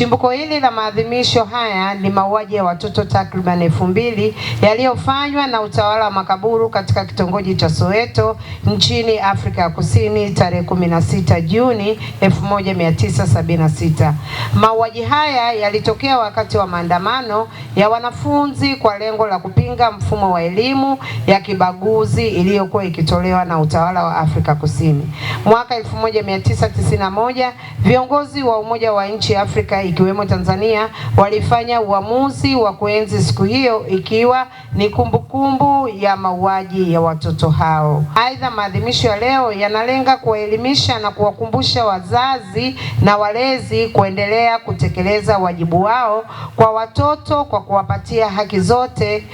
Chimbuko hili la maadhimisho haya ni mauaji ya watoto takriban elfu mbili yaliyofanywa na utawala wa makaburu katika kitongoji cha Soweto nchini Afrika ya Kusini tarehe 16 Juni 1976. Mauaji haya yalitokea wakati wa maandamano ya wanafunzi kwa lengo la kupinga mfumo wa elimu ya kibaguzi iliyokuwa ikitolewa na utawala wa Afrika Kusini. Mwaka 1991 viongozi wa Umoja wa Nchi Afrika ikiwemo Tanzania walifanya uamuzi wa kuenzi siku hiyo ikiwa ni kumbukumbu -kumbu ya mauaji ya watoto hao. Aidha, maadhimisho ya leo yanalenga kuwaelimisha na kuwakumbusha wazazi na walezi kuendelea kutekeleza wajibu wao kwa watoto kwa kuwapatia haki zote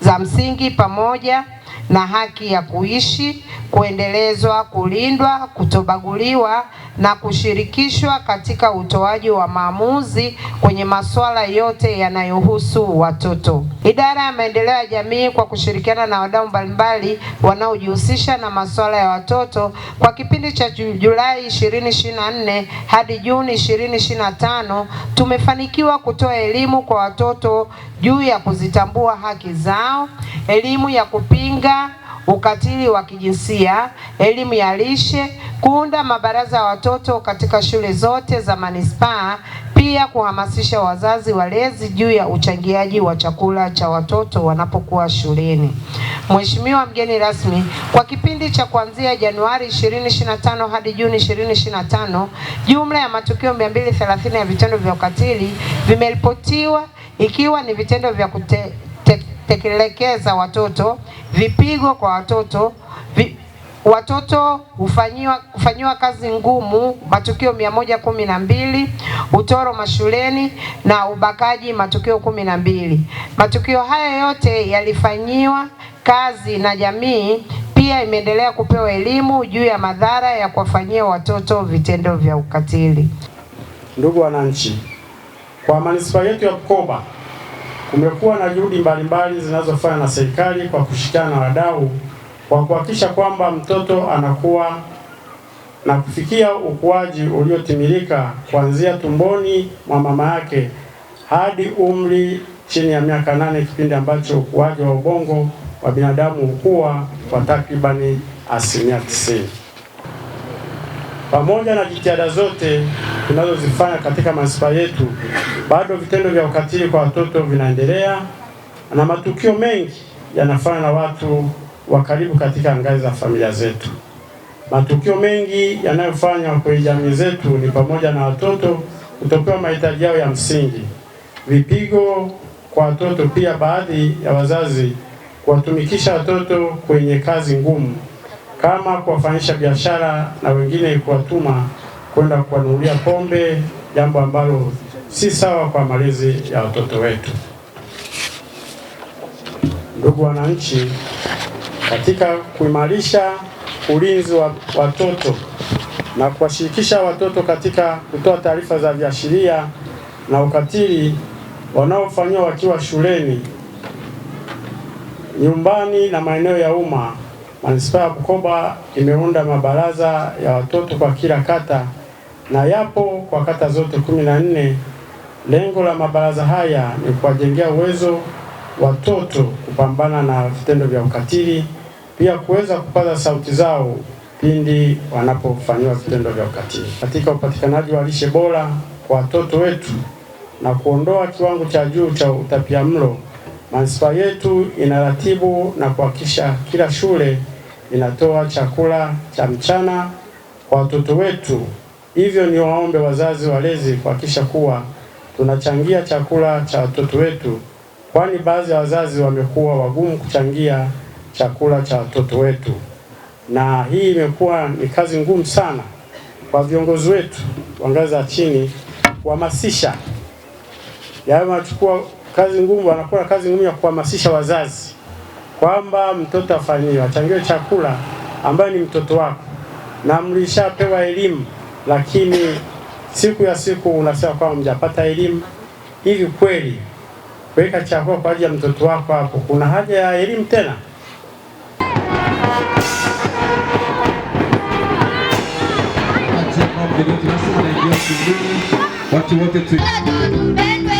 za msingi pamoja na haki ya kuishi kuendelezwa, kulindwa, kutobaguliwa na kushirikishwa katika utoaji wa maamuzi kwenye masuala yote yanayohusu watoto. Idara ya Maendeleo ya Jamii kwa kushirikiana na wadau mbalimbali wanaojihusisha na masuala ya watoto kwa kipindi cha Julai 2024 hadi Juni 2025 tumefanikiwa kutoa elimu kwa watoto juu ya kuzitambua haki zao, elimu ya kupinga ukatili wa kijinsia, elimu ya lishe, kuunda mabaraza ya watoto katika shule zote za manispaa, pia kuhamasisha wazazi walezi juu ya uchangiaji wa chakula cha watoto wanapokuwa shuleni. Mheshimiwa mgeni rasmi, kwa kipindi cha kuanzia Januari 2025 hadi Juni 2025, jumla ya matukio 230 ya vitendo vya ukatili vimeripotiwa ikiwa ni vitendo vya kute kutekelekeza watoto, vipigo kwa watoto vi, watoto hufanyiwa kufanyiwa kazi ngumu, matukio mia moja kumi na mbili, utoro mashuleni na ubakaji matukio kumi na mbili. Matukio haya yote yalifanyiwa kazi na jamii pia imeendelea kupewa elimu juu ya madhara ya kuwafanyia watoto vitendo vya ukatili. Ndugu wananchi, kwa manispaa yetu ya Bukoba kumekuwa na juhudi mbalimbali zinazofanywa na serikali kwa kushirikiana na wadau kwa kuhakikisha kwamba mtoto anakuwa na kufikia ukuaji uliotimilika kuanzia tumboni mwa mama yake hadi umri chini ya miaka nane, kipindi ambacho ukuaji wa ubongo wa binadamu hukua kwa takribani asilimia 90. Pamoja na jitihada zote tunazozifanya katika manispaa yetu, bado vitendo vya ukatili kwa watoto vinaendelea na matukio mengi yanafanywa na watu wa karibu katika ngazi za familia zetu. Matukio mengi yanayofanywa kwenye jamii zetu ni pamoja na watoto kutopewa mahitaji yao ya msingi, vipigo kwa watoto, pia baadhi ya wazazi kuwatumikisha watoto kwenye kazi ngumu kama kuwafanyisha biashara na wengine kuwatuma kwenda kuwanunulia pombe, jambo ambalo si sawa kwa malezi ya watoto wetu. Ndugu wananchi, katika kuimarisha ulinzi wa watoto na kuwashirikisha watoto katika kutoa taarifa za viashiria na ukatili wanaofanyiwa wakiwa shuleni, nyumbani na maeneo ya umma, manispaa ya Bukoba imeunda mabaraza ya watoto kwa kila kata na yapo kwa kata zote kumi na nne. Lengo la mabaraza haya ni kuwajengea uwezo watoto kupambana na vitendo vya ukatili, pia kuweza kupaza sauti zao pindi wanapofanyiwa vitendo vya ukatili, katika upatikanaji wa lishe bora kwa watoto wetu na kuondoa kiwango cha juu cha utapiamlo. Manispaa yetu inaratibu na kuhakikisha kila shule inatoa chakula cha mchana kwa watoto wetu. Hivyo ni waombe wazazi walezi kuhakikisha kuwa tunachangia chakula cha watoto wetu, kwani baadhi ya wazazi wamekuwa wagumu kuchangia chakula cha watoto wetu, na hii imekuwa ni kazi ngumu sana kwa viongozi wetu wa ngazi za chini kuhamasisha. Yao yaani wanachukua kazi ngumu, wanakuwa kazi ngumu ya kuhamasisha wazazi kwamba mtoto afanyiwe achangiwe chakula ambaye ni mtoto wako, na mlishapewa elimu lakini siku ya siku unasema kwamba mjapata elimu. Hivi kweli kuweka chakula kwa ajili ya mtoto wako hapo, kuna haja ya elimu tena? Watu wote tu